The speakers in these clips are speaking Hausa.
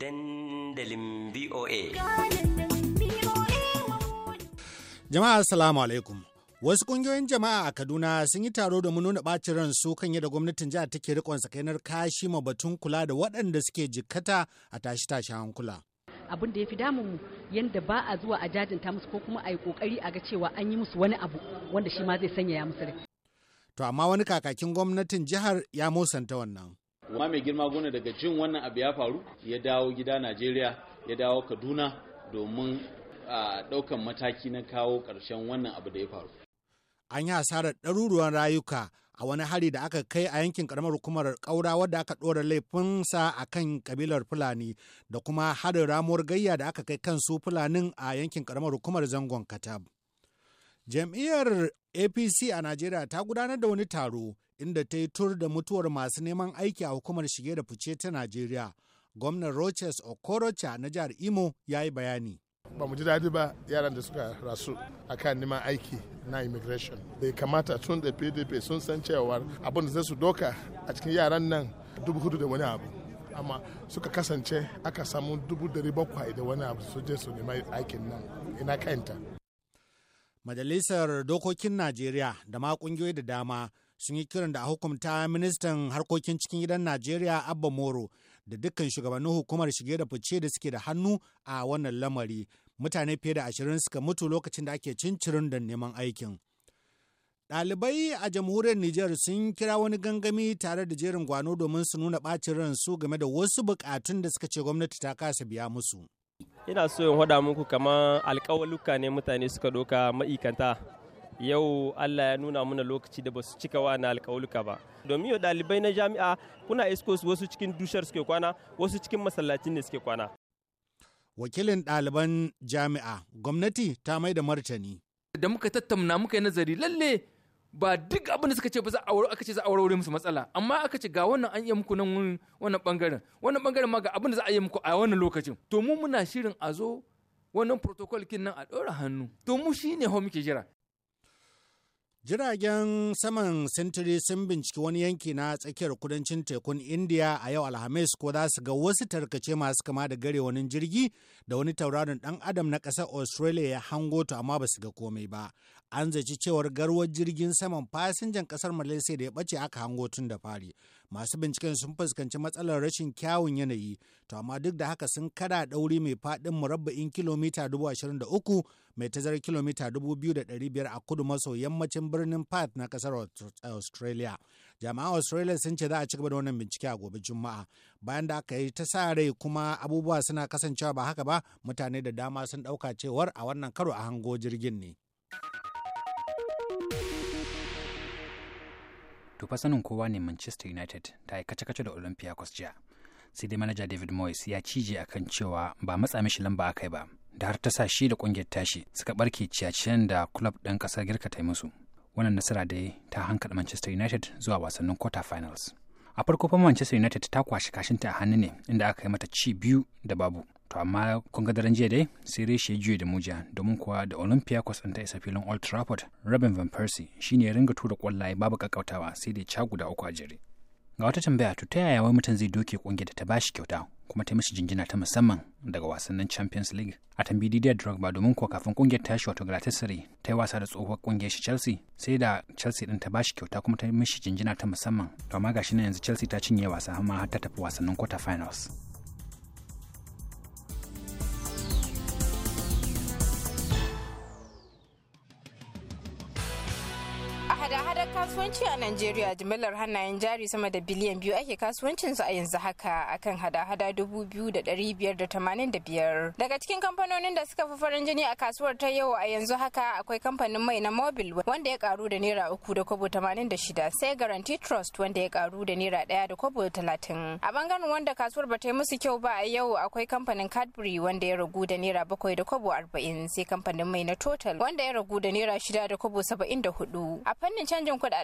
dandalin VOA. Jama'a Assalamu alaikum. Wasu kungiyoyin jama'a a Kaduna sun yi taro domin nuna ɓacin ran su kan yadda gwamnatin jihar take rikon sakainar kashi ma batun kula da waɗanda suke jikkata a tashi-tashi hankula. abin da ya fi damun mu yadda ba a zuwa a jajinta musu ko kuma a yi kokari a ga cewa an yi musu wani abu wanda shi ma zai sanya ya musu rai. To amma wani kakakin gwamnatin jihar ya musanta wannan. amma mai girma gona daga jin wannan abu ya faru ya dawo gida najeriya ya dawo kaduna domin a ɗaukan mataki na kawo karshen wannan abu da ya faru an yi hasarar ɗaruruwan rayuka a wani hari da aka kai a yankin karamar hukumar ƙaura wadda aka ɗora laifinsa a kan kabilar fulani da kuma harin ramuwar gayya da aka kai kansu fulanin a yankin karamar hukumar zangon katab jam'iyyar apc a najeriya ta gudanar da wani taro inda ta yi tur da mutuwar masu neman aiki a hukumar shige da fice ta Najeriya. Gwamnan Roches Okorocha na jihar Imo ya yi bayani. Ba mu ji daɗi ba yaran da suka rasu a kan neman aiki na immigration. Bai kamata tun da PDP sun san cewa abin da zai su doka a cikin yaran nan dubu hudu da wani abu. amma suka kasance aka samu dubu dari bakwai da wani abu su je su nema aikin nan ina kanta. Majalisar Dokokin Najeriya da ma kungiyoyi da dama sun yi kiran da a hukumta ministan harkokin cikin gidan Najeriya Abba Moro da dukkan shugabannin hukumar shige da fice da suke da hannu a wannan lamari. Mutane fiye da ashirin suka mutu lokacin da ake cin-cirin da neman aikin. Ɗalibai a jamhuriyar Nijar sun kira wani gangami tare da jerin gwano domin su nuna ɓacin ransu game da wasu buƙatun da suka ce gwamnati ta kasa biya musu. Ina so in hada muku kamar alkawaluka ne mutane suka ɗauka ma'ikanta yau Allah ya nuna mana lokaci da ba su cika wa na alƙawulka ba domin yau ɗalibai na jami'a kuna isko wasu cikin dushar suke kwana wasu cikin masallacin ne suke kwana wakilin ɗaliban jami'a gwamnati ta mai da martani da muka tattauna muka yi nazari lalle ba duk abin da suka ce ba za a aka ce za a warware musu matsala amma aka ce ga wannan an yi muku nan wannan bangaren wannan bangaren ma ga abin da za a yi muku a wannan lokacin to mu muna shirin a zo wannan protocol kin nan a ɗora hannu to mu shine ho muke jira Jiragen saman sintiri sun binciki wani yanki na tsakiyar kudancin tekun Indiya a yau Alhamis ko za su ga wasu tarkace masu kama da gare wani jirgi da wani tauraron ɗan adam na ƙasar Australia ya hango to amma ba su ga komai ba. an zaci cewar garwar jirgin saman fasinjan kasar malaysia da ya bace aka hango tun da fari masu binciken sun fuskanci matsalar rashin kyawun yanayi to amma duk da haka sun kada ɗauri mai faɗin murabba'in kilomita 23 mai tazarar kilomita 2,500 a kudu maso yammacin birnin Perth na kasar Australia. Jami'an Australia sun ce za a ci gaba da wannan bincike a gobe Juma'a. Bayan da aka yi ta sa rai kuma abubuwa suna kasancewa ba haka ba mutane da dama sun ɗauka cewar a wannan karo a hango jirgin ne. To fa sanin kowa ne Manchester United ta yi kace-kace da Olympiacos jiya. Sai dai manaja David Moyes ya cije a kan cewa ba matsa mishi lamba aka yi ba, da har ta sa shi da kungiyar tashi suka barke ciyaciyan da club ɗin ƙasar Girka ta yi musu. Wannan nasara dai ta hankali Manchester United zuwa wasannin quarter finals. A farko fa Manchester United ta kwashi kashinta a hannu ne inda aka yi mata ci biyu da babu. to amma kun daren jiya dai sai reshe ya juya da muja domin kuwa da olympia ɗin ta isa filin old trafford robin van persie shine ya ringa tura kwallaye babu kakkautawa sai dai ca guda uku a jere ga wata tambaya to ta yaya wani mutum zai doke kungiyar da ta bashi kyauta kuma ta mishi jinjina ta musamman daga wasannin Champions League. A tambayi Didier Drogba domin ko kafin kungiyar tashi wato Galatasaray ta yi wasa da tsohuwar kungiyar shi Chelsea sai da Chelsea din ta bashi kyauta kuma ta mishi jinjina ta musamman. To amma gashi na yanzu Chelsea ta cinye wasa amma har ta tafi wasannin quarter finals. kasuwanci a Najeriya jimillar hannayen jari sama da biliyan biyu ake kasuwancinsu a yanzu haka akan hada-hada dubu biyu da ɗari biyar da tamanin da biyar. Daga cikin kamfanonin da suka fi farin jini a kasuwar ta yau a yanzu haka akwai kamfanin mai na Mobil wanda ya karu da naira uku da kobo tamanin da shida sai Guarantee Trust wanda ya karu da naira ɗaya da kobo talatin. A bangaren wanda kasuwar ba ta yi musu kyau ba a yau akwai kamfanin Cadbury wanda ya ragu da naira bakwai da kobo arba'in sai kamfanin mai na Total wanda ya ragu da naira shida da kobo saba'in da hudu. A fannin canjin kuɗa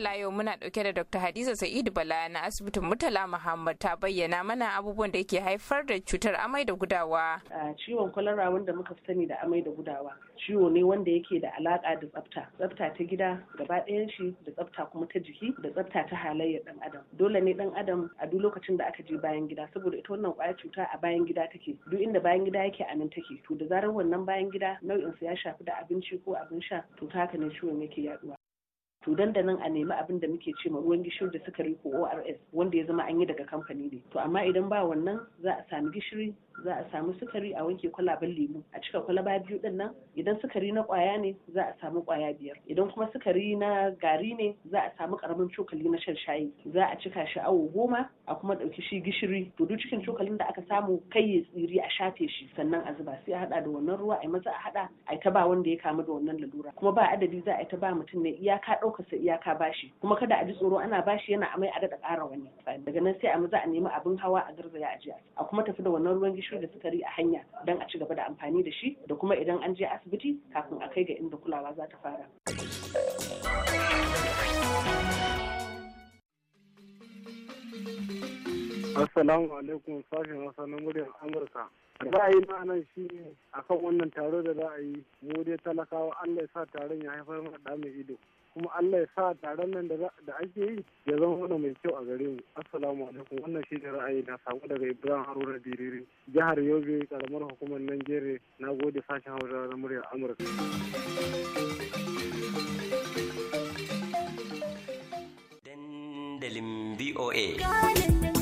ila yau muna dauke da Dr. Hadiza Sa'idu Bala na asibitin Murtala Muhammad ta bayyana mana abubuwan da yake haifar da cutar amai da gudawa. Ciwon kwalara wanda muka fi sani da amai da gudawa ciwo ne wanda yake da alaka da tsafta, tsafta ta gida gaba ɗayan shi da tsafta kuma ta jiki da tsafta ta halayyar dan adam. Dole ne dan adam a duk lokacin da aka je bayan gida saboda ita wannan kwayar cuta a bayan gida take. Duk inda bayan gida yake a nan take. To da zarar wannan bayan gida nau'in su ya shafi da abinci ko abin sha to haka ne ciwon yake yaduwa. to nan a nemi abin da muke cewa ruwan gishiri da sukari ko ors wanda ya zama an yi daga kamfani ne to amma idan ba wannan za a sami gishiri za a samu sukari a wanke kwalaben lemu a cika kwalaba biyu din nan idan sukari na kwaya ne za a samu kwaya biyar idan kuma sukari na gari ne za a samu karamin cokali na shan shayi za a cika shi awo goma a kuma ɗauki shi gishiri to duk cikin cokalin da aka samu kai ya tsiri a shafe shi sannan a zuba sai a hada da wannan ruwa a maza a hada a ta ba wanda ya kamu da wannan lalura kuma ba adadi za a ta ba mutum ne iyaka ɗaukarsa iyaka bashi kuma kada a ji tsoro ana bashi yana amai a daɗa ƙara wani daga nan sai a maza a nemi abin hawa a garzaya a jiya a kuma tafi da wannan ruwan gishiri da sukari a hanya don a ci gaba da amfani da shi da kuma idan an je asibiti kafin a kai ga inda kulawa za ta fara. Assalamu alaikum sashen wasannin muryar Amurka. ra'ayi na nan shi ne akan wannan taro da za a yi mu dai talakawa Allah ya sa taron ya haifar mana da mai ido kuma Allah ya sa taron nan da ake yi ya zama wani mai kyau a gare mu assalamu alaikum wannan shi ne ra'ayi na sako daga Ibrahim Haruna Biriri jihar Yobe karamar hukumar Najeriya na gode sashen Hausa na muryar Amurka dandalin BOA